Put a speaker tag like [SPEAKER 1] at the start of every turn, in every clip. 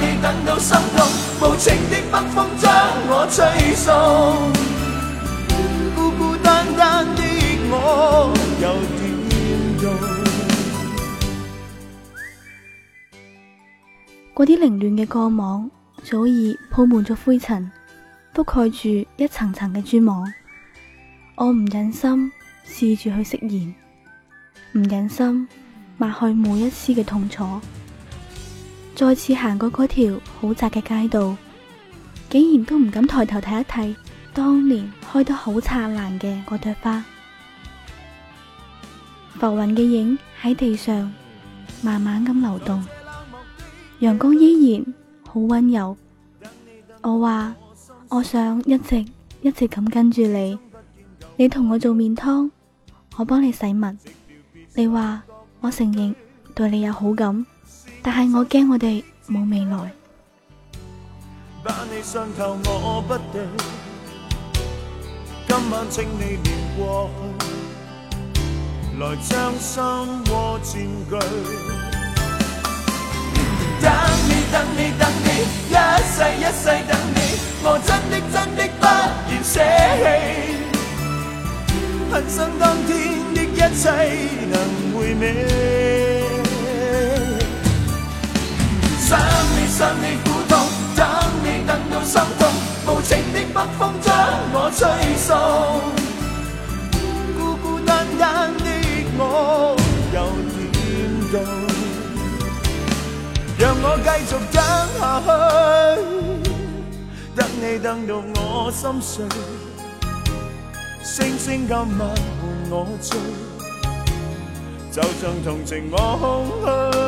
[SPEAKER 1] 你等到心痛，無情的北風將我吹送，孤孤單單的我有點用，
[SPEAKER 2] 嗰啲凌亂嘅歌網早已鋪滿咗灰塵，都蓋住一層層嘅蛛網。我唔忍心試住去釋然，唔忍心抹去每一絲嘅痛楚。再次行過嗰條好窄嘅街道，竟然都唔敢抬頭睇一睇當年開得好燦爛嘅嗰朵花。浮雲嘅影喺地上慢慢咁流動，陽光依然好溫柔。我話我想一直一直咁跟住你，你同我做麵湯，我幫你洗襪。你話我承認對你有好感。但係我驚我哋冇未來。
[SPEAKER 1] 把你傷透我，我不對，今晚請你念過去，來將心窩佔據 等。等你等你等你，一世一世等你，我真的真的不願捨棄，恨生當天的一切能回味。傷你苦痛，等你等到心痛，無情的北風將我吹送，孤孤單單的我有點冷，讓我繼續等下去，等你等到我心碎，星星今晚伴我醉，就像同情我空虛。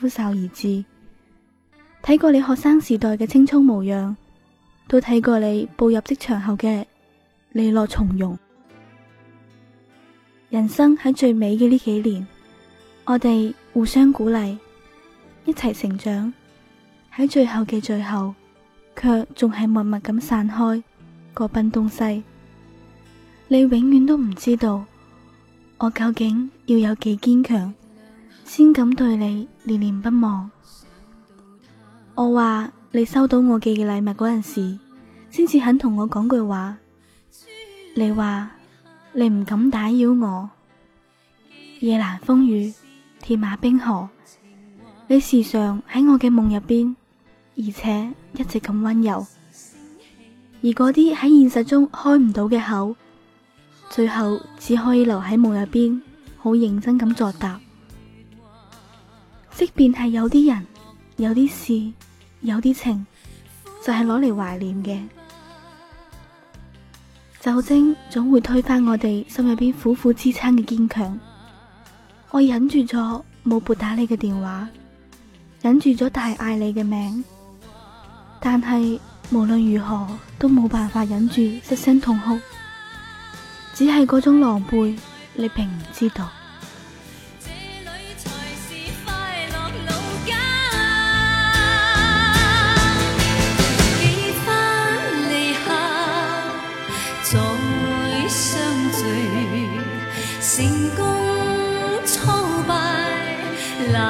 [SPEAKER 2] 呼嘯而至，睇過你學生時代嘅青蔥模樣，都睇過你步入職場後嘅利落從容。人生喺最美嘅呢幾年，我哋互相鼓勵，一齊成長。喺最後嘅最後，卻仲係默默咁散開，各奔東西。你永遠都唔知道，我究竟要有幾堅強。先敢對你念念不忘。我話你收到我寄嘅禮物嗰陣時，先至肯同我講句話。你話你唔敢打擾我。夜闌風雨，鐵馬冰河。你時常喺我嘅夢入邊，而且一直咁溫柔。而嗰啲喺現實中開唔到嘅口，最後只可以留喺夢入邊，好認真咁作答。便係有啲人，有啲事，有啲情，就係攞嚟懷念嘅。酒精總會推翻我哋心入邊苦苦支撐嘅堅強。我忍住咗冇撥打你嘅電話，忍住咗，大嗌你嘅名。但係無論如何都冇辦法忍住失聲痛哭，只係嗰種狼狽，你並唔知道。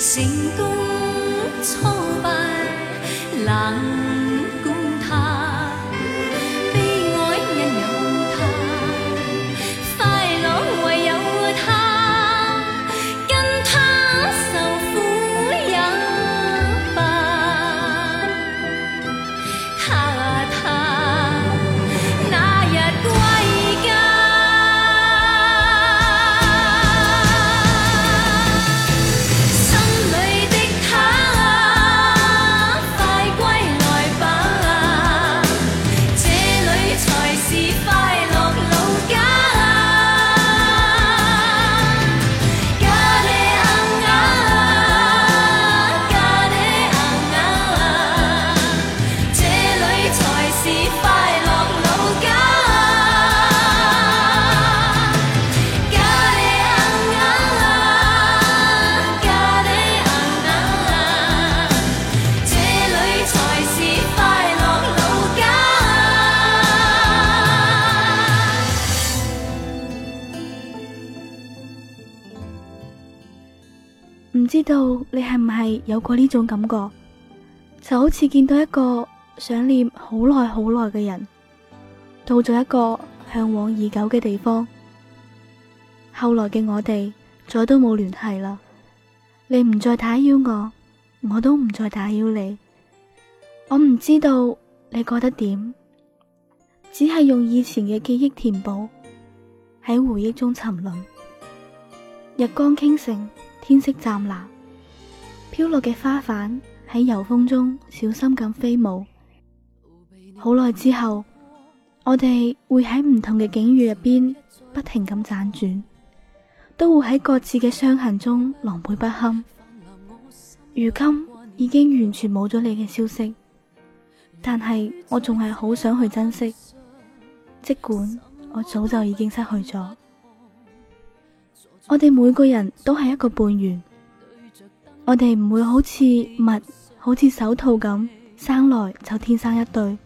[SPEAKER 3] 成功，挫敗，冷。
[SPEAKER 2] 唔知道你係唔係有過呢種感覺，就好似見到一個想念好耐好耐嘅人，到咗一個嚮往已久嘅地方。後來嘅我哋再都冇聯繫啦，你唔再打擾我，我都唔再打擾你。我唔知道你覺得點，只係用以前嘅記憶填補，喺回憶中沉淪。日光傾城。天色湛藍，飄落嘅花瓣喺柔風中小心咁飛舞。好耐之後，我哋會喺唔同嘅境遇入邊不停咁輾轉，都會喺各自嘅傷痕中狼狽不堪。如今已經完全冇咗你嘅消息，但係我仲係好想去珍惜，儘管我早就已經失去咗。我哋每個人都係一個半圓，我哋唔會好似襪，好似手套咁生來就天生一對，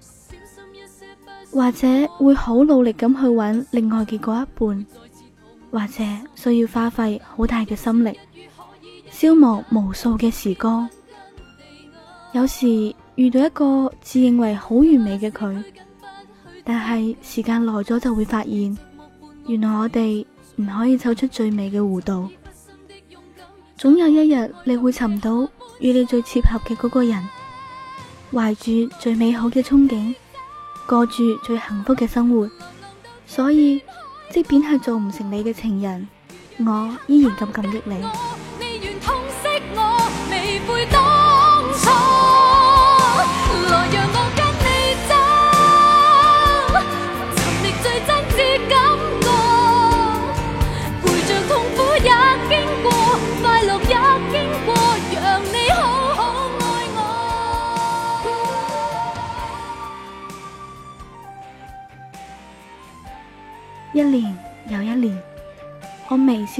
[SPEAKER 2] 或者會好努力咁去揾另外嘅嗰一半，或者需要花費好大嘅心力，消磨無數嘅時光。有時遇到一個自認為好完美嘅佢，但係時間耐咗就會發現，原來我哋。唔可以湊出最美嘅弧度，總有一日你會尋到與你最契合嘅嗰個人，懷住最美好嘅憧憬，過住最幸福嘅生活。所以，即便係做唔成你嘅情人，我依然咁感激你。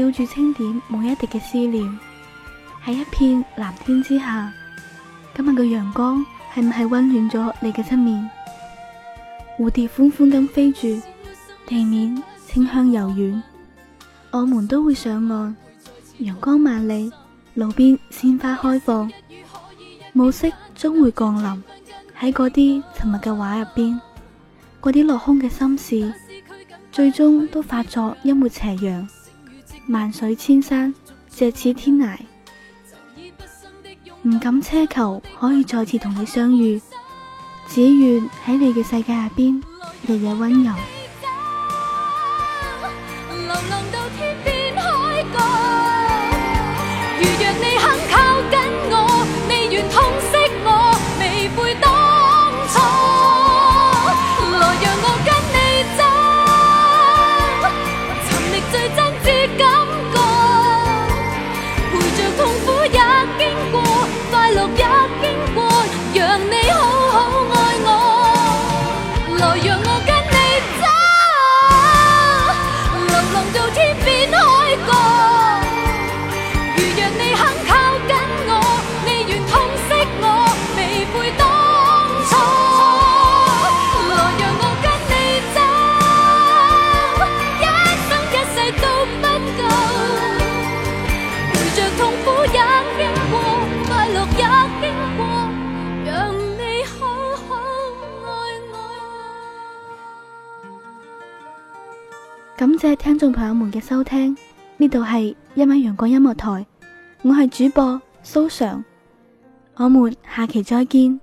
[SPEAKER 2] 抱住清點每一滴嘅思念，喺一片藍天之下，今日嘅陽光係唔係溫暖咗你嘅側面？蝴蝶款款咁飛住，地面清香柔軟，我們都會上岸。陽光萬里，路邊鮮花開放，暮色終會降臨。喺嗰啲沉默嘅畫入邊，嗰啲落空嘅心事，最終都化作一抹斜陽。萬水千山，咫尺天涯，唔敢奢求可以再次同你相遇，只願喺你嘅世界入邊，日日溫柔。感謝聽眾朋友們嘅收聽，呢度係一米陽光音樂台，我係主播蘇常，我們下期再見。